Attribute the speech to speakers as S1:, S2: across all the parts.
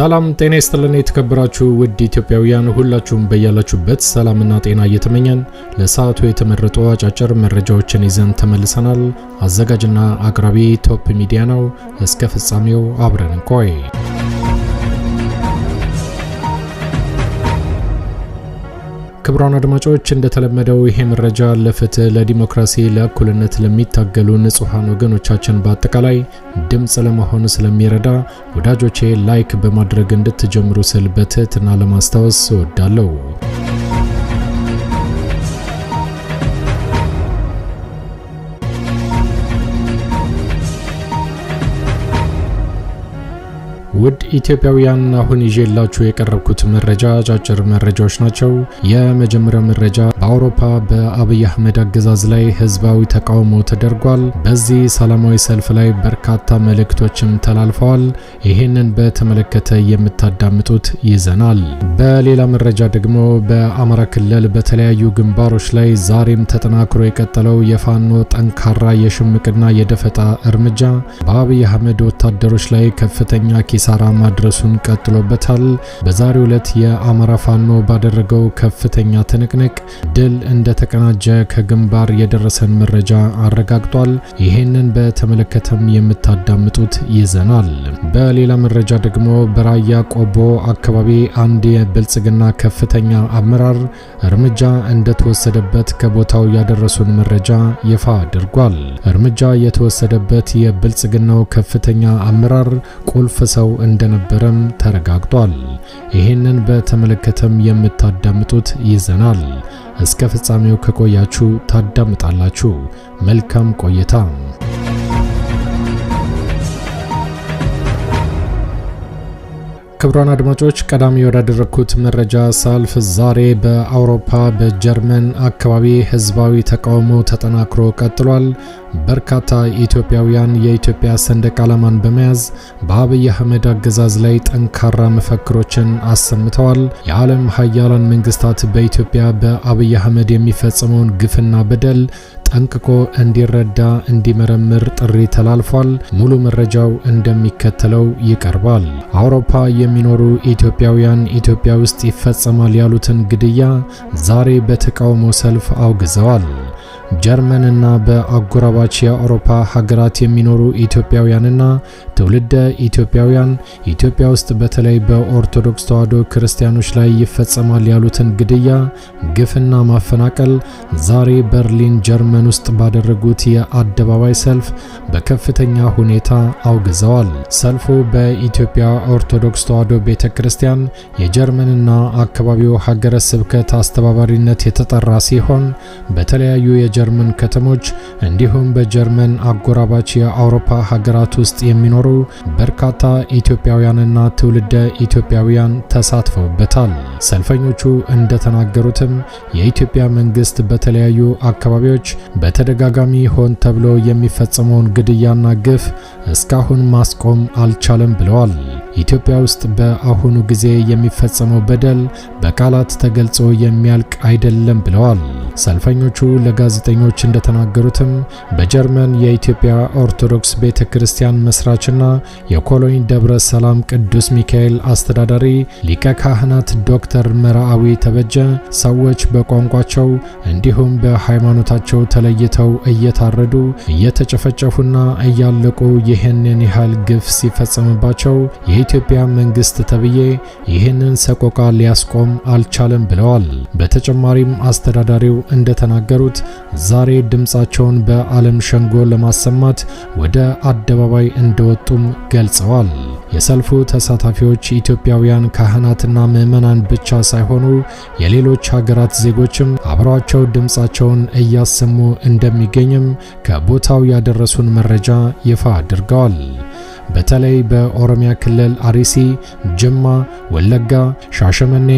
S1: ሰላም ጤና ይስጥልን የተከበራችሁ ውድ ኢትዮጵያውያን ሁላችሁም በያላችሁበት ሰላምና ጤና እየተመኘን ለሰዓቱ የተመረጡ አጫጭር መረጃዎችን ይዘን ተመልሰናል። አዘጋጅና አቅራቢ ቶፕ ሚዲያ ነው። እስከ ፍጻሜው አብረን እንቆይ። ክቡራን አድማጮች እንደተለመደው ይሄ መረጃ ለፍትህ፣ ለዲሞክራሲ፣ ለእኩልነት ለሚታገሉ ንጹሐን ወገኖቻችን በአጠቃላይ ድምፅ ለመሆን ስለሚረዳ ወዳጆቼ ላይክ በማድረግ እንድትጀምሩ ስል በትህትና ለማስታወስ እወዳለሁ። ውድ ኢትዮጵያውያን አሁን ይዤላችሁ የቀረብኩት መረጃ አጫጭር መረጃዎች ናቸው። የመጀመሪያው መረጃ በአውሮፓ በአብይ አህመድ አገዛዝ ላይ ህዝባዊ ተቃውሞ ተደርጓል። በዚህ ሰላማዊ ሰልፍ ላይ በርካታ መልእክቶችም ተላልፈዋል። ይህንን በተመለከተ የምታዳምጡት ይዘናል። በሌላ መረጃ ደግሞ በአማራ ክልል በተለያዩ ግንባሮች ላይ ዛሬም ተጠናክሮ የቀጠለው የፋኖ ጠንካራ የሽምቅና የደፈጣ እርምጃ በአብይ አህመድ ወታደሮች ላይ ከፍተኛ ኪሳራ ማድረሱን ቀጥሎበታል። በዛሬው ዕለት የአማራ ፋኖ ባደረገው ከፍተኛ ትንቅንቅ ድል እንደተቀናጀ ከግንባር የደረሰን መረጃ አረጋግጧል። ይህንን በተመለከተም የምታዳምጡት ይዘናል። በሌላ መረጃ ደግሞ በራያ ቆቦ አካባቢ አንድ የብልጽግና ከፍተኛ አመራር እርምጃ እንደተወሰደበት ከቦታው ያደረሱን መረጃ ይፋ አድርጓል። እርምጃ የተወሰደበት የብልጽግናው ከፍተኛ አመራር ቁልፍ ሰው እንደነበረም ተረጋግጧል። ይህንን በተመለከተም የምታዳምጡት ይዘናል። እስከ ፍጻሜው ከቆያችሁ ታዳምጣላችሁ። መልካም ቆይታ። ክቡራን አድማጮች ቀዳሚ ወዳደረግኩት መረጃ ሳልፍ ዛሬ በአውሮፓ በጀርመን አካባቢ ህዝባዊ ተቃውሞ ተጠናክሮ ቀጥሏል። በርካታ ኢትዮጵያውያን የኢትዮጵያ ሰንደቅ ዓላማን በመያዝ በአብይ አህመድ አገዛዝ ላይ ጠንካራ መፈክሮችን አሰምተዋል። የዓለም ሀያላን መንግስታት በኢትዮጵያ በአብይ አህመድ የሚፈጸመውን ግፍና በደል ጠንቅቆ እንዲረዳ እንዲመረምር ጥሪ ተላልፏል። ሙሉ መረጃው እንደሚከተለው ይቀርባል። አውሮፓ የሚኖሩ ኢትዮጵያውያን ኢትዮጵያ ውስጥ ይፈጸማል ያሉትን ግድያ ዛሬ በተቃውሞ ሰልፍ አውግዘዋል። ጀርመንና በአጎራባች የአውሮፓ ሀገራት የሚኖሩ ኢትዮጵያውያንና ትውልደ ኢትዮጵያውያን ኢትዮጵያ ውስጥ በተለይ በኦርቶዶክስ ተዋሕዶ ክርስቲያኖች ላይ ይፈጸማል ያሉትን ግድያ፣ ግፍና ማፈናቀል ዛሬ በርሊን ጀርመን ውስጥ ባደረጉት የአደባባይ ሰልፍ በከፍተኛ ሁኔታ አውግዘዋል። ሰልፉ በኢትዮጵያ ኦርቶዶክስ ተዋሕዶ ቤተ ክርስቲያን የጀርመንና አካባቢው ሀገረ ስብከት አስተባባሪነት የተጠራ ሲሆን በተለያዩ የጀ የጀርመን ከተሞች እንዲሁም በጀርመን አጎራባች የአውሮፓ ሀገራት ውስጥ የሚኖሩ በርካታ ኢትዮጵያውያንና ትውልደ ኢትዮጵያውያን ተሳትፈውበታል። ሰልፈኞቹ እንደተናገሩትም የኢትዮጵያ መንግስት በተለያዩ አካባቢዎች በተደጋጋሚ ሆን ተብሎ የሚፈጸመውን ግድያና ግፍ እስካሁን ማስቆም አልቻለም ብለዋል። ኢትዮጵያ ውስጥ በአሁኑ ጊዜ የሚፈጸመው በደል በቃላት ተገልጾ የሚያልቅ አይደለም ብለዋል። ሰልፈኞቹ ለጋዜጠ ጋዜጠኞች እንደተናገሩትም በጀርመን የኢትዮጵያ ኦርቶዶክስ ቤተ ክርስቲያን መስራችና የኮሎኒ ደብረ ሰላም ቅዱስ ሚካኤል አስተዳዳሪ ሊቀ ካህናት ዶክተር መርአዊ ተበጀ ሰዎች በቋንቋቸው እንዲሁም በሃይማኖታቸው ተለይተው እየታረዱ እየተጨፈጨፉና እያለቁ ይህንን ያህል ግፍ ሲፈጸምባቸው የኢትዮጵያ መንግስት ተብዬ ይህንን ሰቆቃ ሊያስቆም አልቻለም ብለዋል። በተጨማሪም አስተዳዳሪው እንደተናገሩት ዛሬ ድምፃቸውን በዓለም ሸንጎ ለማሰማት ወደ አደባባይ እንደወጡም ገልጸዋል። የሰልፉ ተሳታፊዎች ኢትዮጵያውያን ካህናትና ምዕመናን ብቻ ሳይሆኑ የሌሎች ሀገራት ዜጎችም አብረዋቸው ድምፃቸውን እያሰሙ እንደሚገኝም ከቦታው ያደረሱን መረጃ ይፋ አድርገዋል። በተለይ በኦሮሚያ ክልል አሪሲ፣ ጅማ፣ ወለጋ፣ ሻሸመኔ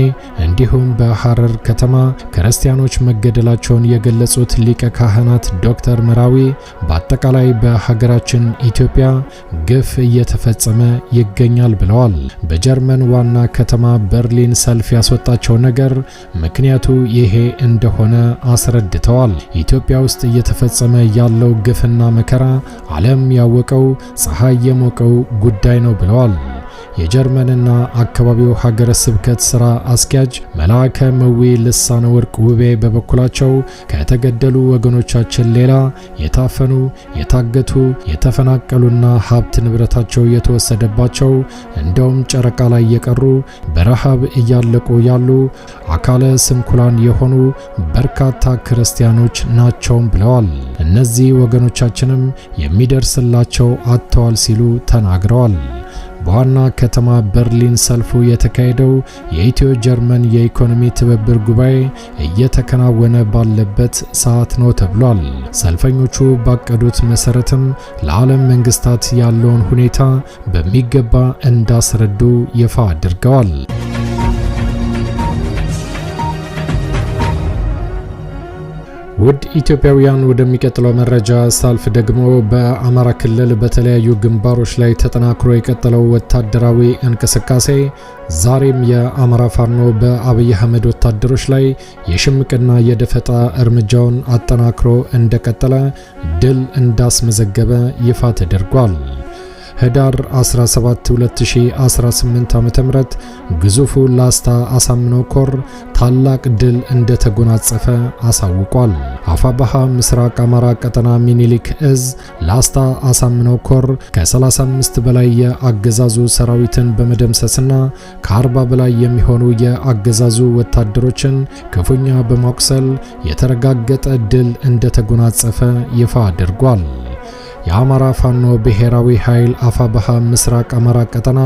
S1: እንዲሁም በሐረር ከተማ ክርስቲያኖች መገደላቸውን የገለጹት ሊቀ ካህናት ዶክተር መራዊ በአጠቃላይ በሀገራችን ኢትዮጵያ ግፍ እየተፈጸመ ይገኛል ብለዋል። በጀርመን ዋና ከተማ በርሊን ሰልፍ ያስወጣቸው ነገር ምክንያቱ ይሄ እንደሆነ አስረድተዋል። ኢትዮጵያ ውስጥ እየተፈጸመ ያለው ግፍና መከራ ዓለም ያወቀው ፀሐይ የሞቀ የሚታወቀው ጉዳይ ነው ብለዋል። የጀርመንና አካባቢው ሀገረ ስብከት ስራ አስኪያጅ መልአከ መዊ ልሳነ ወርቅ ውቤ በበኩላቸው ከተገደሉ ወገኖቻችን ሌላ የታፈኑ፣ የታገቱ፣ የተፈናቀሉና ሀብት ንብረታቸው የተወሰደባቸው እንደውም ጨረቃ ላይ የቀሩ በረሃብ እያለቁ ያሉ አካለ ስንኩላን የሆኑ በርካታ ክርስቲያኖች ናቸውም ብለዋል። እነዚህ ወገኖቻችንም የሚደርስላቸው አጥተዋል ሲሉ ተናግረዋል። በዋና ከተማ በርሊን ሰልፉ የተካሄደው የኢትዮ ጀርመን የኢኮኖሚ ትብብር ጉባኤ እየተከናወነ ባለበት ሰዓት ነው ተብሏል። ሰልፈኞቹ ባቀዱት መሰረትም ለዓለም መንግስታት ያለውን ሁኔታ በሚገባ እንዳስረዱ ይፋ አድርገዋል። ውድ ኢትዮጵያውያን ወደሚቀጥለው መረጃ ሳልፍ ደግሞ በአማራ ክልል በተለያዩ ግንባሮች ላይ ተጠናክሮ የቀጠለው ወታደራዊ እንቅስቃሴ ዛሬም የአማራ ፋኖ በአብይ አህመድ ወታደሮች ላይ የሽምቅና የደፈጣ እርምጃውን አጠናክሮ እንደቀጠለ ድል እንዳስመዘገበ ይፋ ተደርጓል። ህዳር 17 2018 ዓ.ም ግዙፉ ላስታ አሳምኖ ኮር ታላቅ ድል እንደተጎናጸፈ አሳውቋል። አፋባሃ ምስራቅ አማራ ቀጠና ሚኒሊክ እዝ ላስታ አሳምኖ ኮር ከ35 በላይ የአገዛዙ ሰራዊትን በመደምሰስና ከ40 በላይ የሚሆኑ የአገዛዙ ወታደሮችን ክፉኛ በማቁሰል የተረጋገጠ ድል እንደተጎናጸፈ ይፋ አድርጓል። የአማራ ፋኖ ብሔራዊ ኃይል አፋባሃ ምስራቅ አማራ ቀጠና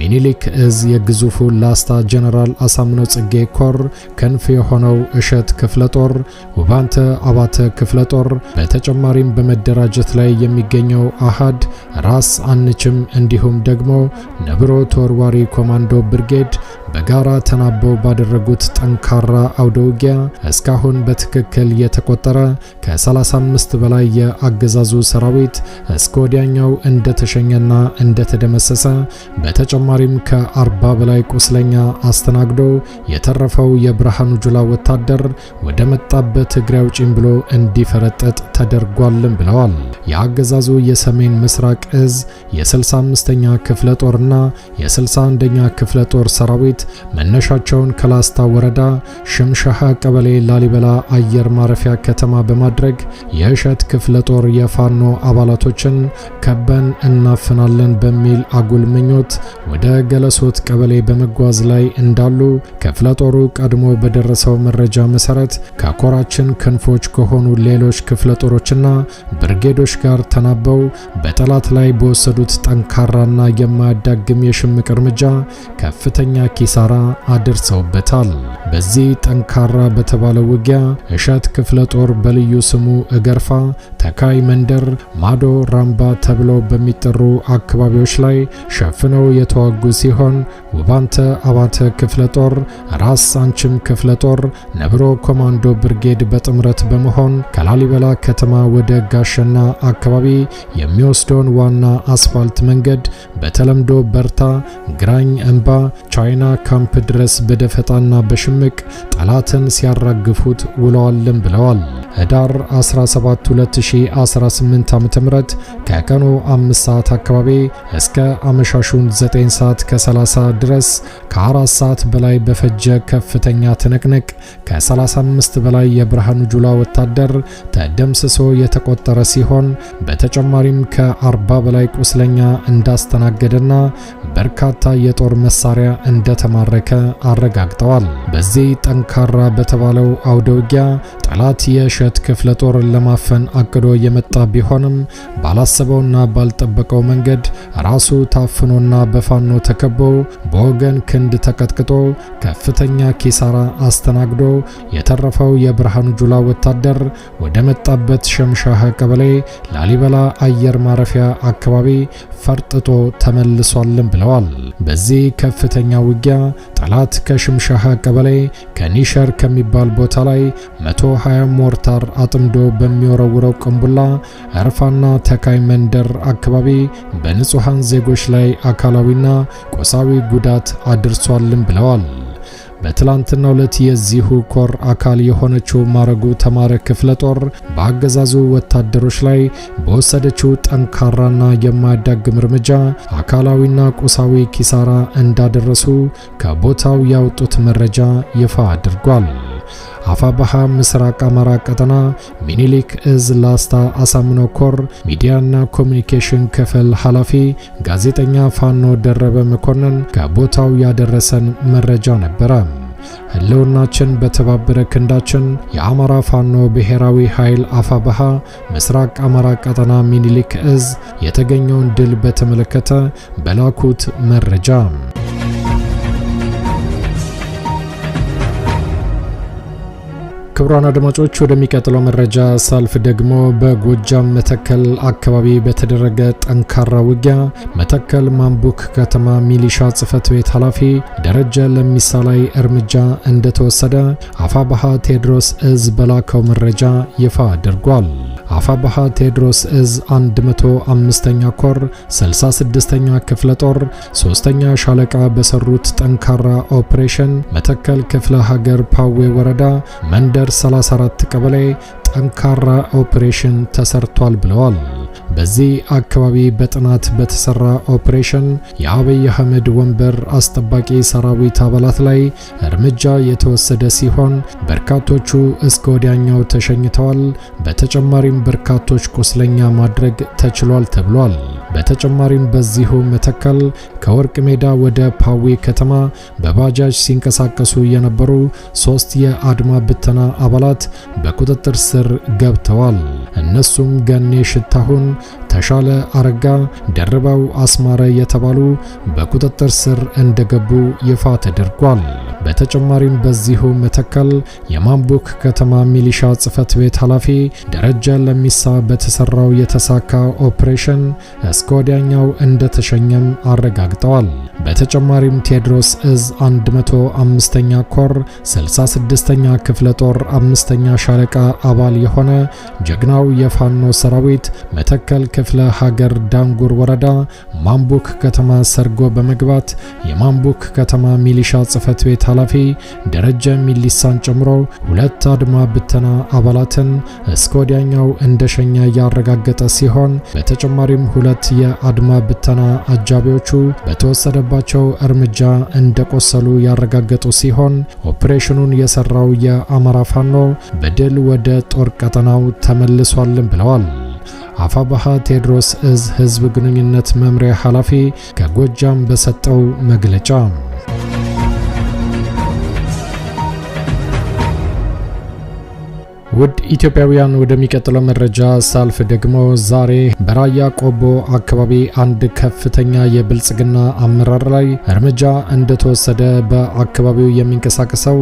S1: ሚኒሊክ እዝ የግዙፉ ላስታ ጀነራል አሳምነው ጽጌ ኮር ክንፍ የሆነው እሸት ክፍለ ጦር፣ ውባንተ አባተ ክፍለ ጦር በተጨማሪም በመደራጀት ላይ የሚገኘው አሃድ ራስ አንችም እንዲሁም ደግሞ ነብሮ ተወርዋሪ ኮማንዶ ብርጌድ በጋራ ተናበው ባደረጉት ጠንካራ አውደውጊያ እስካሁን በትክክል የተቆጠረ ከ35 በላይ የአገዛዙ ሰራዊት እስከ ወዲያኛው እንደተሸኘና እንደተደመሰሰ በተጨማሪም ከ40 በላይ ቁስለኛ አስተናግዶ የተረፈው የብርሃኑ ጁላ ወታደር ወደ መጣበት እግሬ አውጪኝ ብሎ እንዲፈረጠጥ ተደርጓልም ብለዋል። የአገዛዙ የሰሜን ምስራቅ እዝ የ65ኛ ክፍለ ጦርና የ61ኛ ክፍለ ጦር ሰራዊት መነሻቸውን ከላስታ ወረዳ ሽምሻሃ ቀበሌ ላሊበላ አየር ማረፊያ ከተማ በማድረግ የእሸት ክፍለ ጦር የፋኖ አባላቶችን ከበን እናፍናለን በሚል አጉል ምኞት ወደ ገለሶት ቀበሌ በመጓዝ ላይ እንዳሉ ክፍለ ጦሩ ቀድሞ በደረሰው መረጃ መሰረት ከኮራችን ክንፎች ከሆኑ ሌሎች ክፍለ ጦሮችና ብርጌዶች ጋር ተናበው በጠላት ላይ በወሰዱት ጠንካራና የማያዳግም የሽምቅ እርምጃ ከፍተኛ ኪ ኪሳራ አድርሰውበታል። በዚህ ጠንካራ በተባለ ውጊያ እሸት ክፍለ ጦር በልዩ ስሙ እገርፋ፣ ተካይ መንደር፣ ማዶ ራምባ ተብለው በሚጠሩ አካባቢዎች ላይ ሸፍነው የተዋጉ ሲሆን ውባንተ አባተ ክፍለ ጦር፣ ራስ አንችም ክፍለ ጦር፣ ነብሮ ኮማንዶ ብርጌድ በጥምረት በመሆን ከላሊበላ ከተማ ወደ ጋሸና አካባቢ የሚወስደውን ዋና አስፋልት መንገድ በተለምዶ በርታ ግራኝ እንባ ቻይና ካምፕ ድረስ በደፈጣና በሽምቅ ጠላትን ሲያራግፉት ውለዋልን ብለዋል። ህዳር 17 2018 ዓ.ም ከቀኑ 5 ሰዓት አካባቢ እስከ አመሻሹን 9 ሰዓት ከ30 ድረስ ከ4 ሰዓት በላይ በፈጀ ከፍተኛ ትንቅንቅ ከ35 በላይ የብርሃኑ ጁላ ወታደር ተደምስሶ የተቆጠረ ሲሆን በተጨማሪም ከ40 በላይ ቁስለኛ እንዳስተናገደና በርካታ የጦር መሳሪያ እንደተማረከ አረጋግጠዋል። በዚህ ጠንካራ በተባለው አውደውጊያ ጠላት የእሸት ክፍለ ጦር ለማፈን አቅዶ የመጣ ቢሆንም ባላሰበውና ባልጠበቀው መንገድ ራሱ ታፍኖና በፋኖ ተከቦ በወገን ክንድ ተቀጥቅጦ ከፍተኛ ኪሳራ አስተናግዶ የተረፈው የብርሃኑ ጁላ ወታደር ወደ መጣበት ሸምሻህ ቀበሌ ላሊበላ አየር ማረፊያ አካባቢ ፈርጥጦ ተመልሷልን ብለው ተቀላቅለዋል። በዚህ ከፍተኛ ውጊያ ጠላት ከሽምሻሃ ቀበሌ ከኒሸር ከሚባል ቦታ ላይ 120 ሞርታር አጥምዶ በሚወረውረው ቅንቡላ እርፋና ተካይ መንደር አካባቢ በንጹሐን ዜጎች ላይ አካላዊና ቆሳዊ ጉዳት አድርሷልም ብለዋል። በትላንትናው ዕለት የዚሁ ኮር አካል የሆነችው ማረጉ ተማረ ክፍለ ጦር በአገዛዙ ወታደሮች ላይ በወሰደችው ጠንካራና የማያዳግም እርምጃ አካላዊና ቁሳዊ ኪሳራ እንዳደረሱ ከቦታው ያወጡት መረጃ ይፋ አድርጓል። አፋባሃ ምስራቅ አማራ ቀጠና ሚኒሊክ እዝ ላስታ አሳምኖ ኮር ሚዲያና ኮሚኒኬሽን ክፍል ኃላፊ ጋዜጠኛ ፋኖ ደረበ መኮንን ከቦታው ያደረሰን መረጃ ነበረ። ህልውናችን በተባበረ ክንዳችን። የአማራ ፋኖ ብሔራዊ ኃይል አፋበሃ ምስራቅ አማራ ቀጠና ሚኒሊክ እዝ የተገኘውን ድል በተመለከተ በላኩት መረጃ ክቡራን አድማጮች ወደሚቀጥለው መረጃ ሳልፍ ደግሞ በጎጃም መተከል አካባቢ በተደረገ ጠንካራ ውጊያ መተከል ማንቡክ ከተማ ሚሊሻ ጽፈት ቤት ኃላፊ ደረጀ ለሚሳ ላይ እርምጃ እንደተወሰደ አፋ ቴዎድሮስ እዝ በላከው መረጃ ይፋ አድርጓል። አፋባሃ ቴዎድሮስ እዝ 105ኛ ኮር 66ኛ ክፍለ ጦር ሶስተኛ ሻለቃ በሰሩት ጠንካራ ኦፕሬሽን መተከል ክፍለ ሀገር ፓዌ ወረዳ መንደር 34 ቀበሌ ጠንካራ ኦፕሬሽን ተሰርቷል ብለዋል። በዚህ አካባቢ በጥናት በተሰራ ኦፕሬሽን የአብይ አህመድ ወንበር አስጠባቂ ሰራዊት አባላት ላይ እርምጃ የተወሰደ ሲሆን በርካቶቹ እስከ ወዲያኛው ተሸኝተዋል። በተጨማሪም በርካቶች ቁስለኛ ማድረግ ተችሏል ተብሏል። በተጨማሪም በዚሁ መተከል ከወርቅ ሜዳ ወደ ፓዊ ከተማ በባጃጅ ሲንቀሳቀሱ የነበሩ ሶስት የአድማ ብተና አባላት በቁጥጥር ስር ገብተዋል። እነሱም ገኔ ሽታሁን፣ ተሻለ አረጋ፣ ደርባው አስማረ የተባሉ በቁጥጥር ስር እንደገቡ ይፋ ተደርጓል። በተጨማሪም በዚሁ መተከል የማምቡክ ከተማ ሚሊሻ ጽሕፈት ቤት ኃላፊ ደረጃ ለሚሳ በተሰራው የተሳካ ኦፕሬሽን እስከ እስከ ወዲያኛው እንደተሸኘም አረጋግጠዋል። በተጨማሪም ቴዎድሮስ እዝ 105ኛ ኮር 66ኛ ክፍለ ጦር አምስተኛ ሻለቃ አባል የሆነ ጀግናው የፋኖ ሰራዊት መተከል ክፍለ ሀገር ዳንጉር ወረዳ ማምቡክ ከተማ ሰርጎ በመግባት የማምቡክ ከተማ ሚሊሻ ጽሕፈት ቤት ኃላፊ ደረጀ ሚሊሳን ጨምሮ ሁለት አድማ ብተና አባላትን እስከ ወዲያኛው እንደሸኘ ያረጋገጠ ሲሆን በተጨማሪም ሁለት የአድማ ብተና አጃቢዎቹ በተወሰደባቸው እርምጃ እንደቆሰሉ ያረጋገጡ ሲሆን ኦፕሬሽኑን የሰራው የአማራ ፋኖ በድል ወደ ጦር ቀጠናው ተመልሷልን ብለዋል። አፋባሃ ቴዎድሮስ እዝ ህዝብ ግንኙነት መምሪያ ኃላፊ ከጎጃም በሰጠው መግለጫ ውድ ኢትዮጵያውያን ወደሚቀጥለው መረጃ ሳልፍ ደግሞ ዛሬ በራያ ቆቦ አካባቢ አንድ ከፍተኛ የብልጽግና አመራር ላይ እርምጃ እንደተወሰደ በአካባቢው የሚንቀሳቀሰው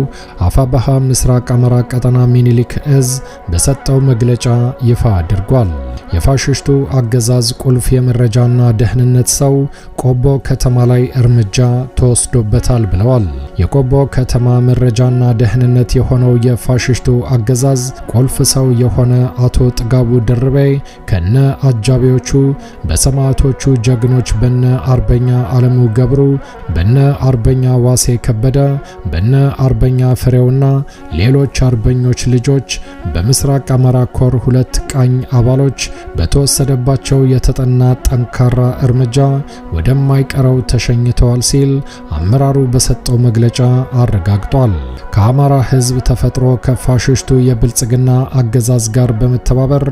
S1: አፋባሃ ምስራቅ አማራ ቀጠና ሚኒሊክ እዝ በሰጠው መግለጫ ይፋ አድርጓል። የፋሽሽቱ አገዛዝ ቁልፍ የመረጃና ደህንነት ሰው ቆቦ ከተማ ላይ እርምጃ ተወስዶበታል ብለዋል። የቆቦ ከተማ መረጃና ደህንነት የሆነው የፋሽሽቱ አገዛዝ ቁልፍ ሰው የሆነ አቶ ጥጋቡ ድርቤ ከነ አጃቢዎቹ በሰማዕቶቹ ጀግኖች በነ አርበኛ አለሙ ገብሩ፣ በነ አርበኛ ዋሴ ከበደ፣ በነ አርበኛ ፍሬውና ሌሎች አርበኞች ልጆች በምስራቅ አማራ ኮር ሁለት ቃኝ አባሎች በተወሰደባቸው የተጠና ጠንካራ እርምጃ ወደማይቀረው ተሸኝተዋል ሲል አመራሩ በሰጠው መግለጫ አረጋግጧል። ከአማራ ሕዝብ ተፈጥሮ ከፋሽስቱ የብልጽግ ብልጽግና አገዛዝ ጋር በመተባበር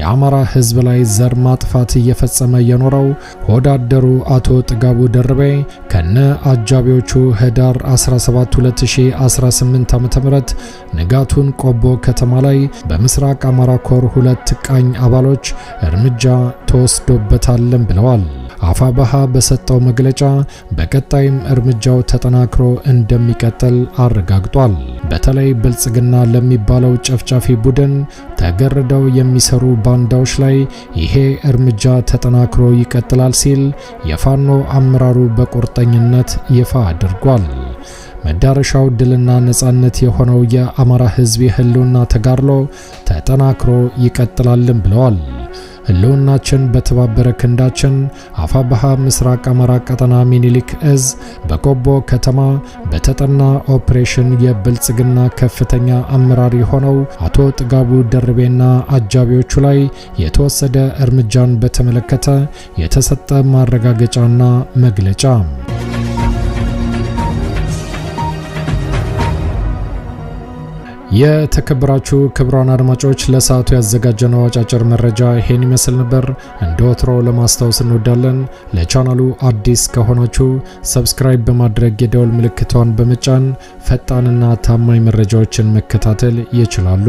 S1: የአማራ ሕዝብ ላይ ዘር ማጥፋት እየፈጸመ የኖረው ሆዳደሩ አቶ ጥጋቡ ደርቤ ከነ አጃቢዎቹ ህዳር 17 2018 ዓ.ም ንጋቱን ቆቦ ከተማ ላይ በምስራቅ አማራ ኮር ሁለት ቃኝ አባሎች እርምጃ ተወስዶበታለን ብለዋል። አፋባሃ በሰጠው መግለጫ በቀጣይም እርምጃው ተጠናክሮ እንደሚቀጥል አረጋግጧል። በተለይ ብልጽግና ለሚባለው ጨፍጫፊ ደጋፊ ቡድን ተገርደው የሚሰሩ ባንዳዎች ላይ ይሄ እርምጃ ተጠናክሮ ይቀጥላል ሲል የፋኖ አመራሩ በቁርጠኝነት ይፋ አድርጓል። መዳረሻው ድልና ነጻነት የሆነው የአማራ ሕዝብ የህልውና ተጋድሎ ተጠናክሮ ይቀጥላልም ብለዋል። ህልውናችን በተባበረ ክንዳችን አፋበሃ ምስራቅ አማራ ቀጠና ሚኒሊክ እዝ በቆቦ ከተማ በተጠና ኦፕሬሽን የብልጽግና ከፍተኛ አመራር የሆነው አቶ ጥጋቡ ደርቤና አጃቢዎቹ ላይ የተወሰደ እርምጃን በተመለከተ የተሰጠ ማረጋገጫና መግለጫ የተከበራችሁ ክቡራን አድማጮች ለሰዓቱ ያዘጋጀነው አጫጭር መረጃ ይሄን ይመስል ነበር። እንደ ወትሮ ለማስታወስ እንወዳለን ለቻናሉ አዲስ ከሆናችሁ ሰብስክራይብ በማድረግ የደወል ምልክቷን በመጫን ፈጣንና ታማኝ መረጃዎችን መከታተል ይችላሉ።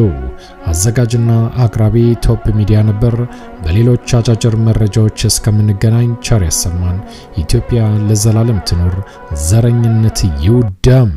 S1: አዘጋጅና አቅራቢ ቶፕ ሚዲያ ነበር። በሌሎች አጫጭር መረጃዎች እስከምንገናኝ ቸር ያሰማን። ኢትዮጵያ ለዘላለም ትኖር። ዘረኝነት ይውደም።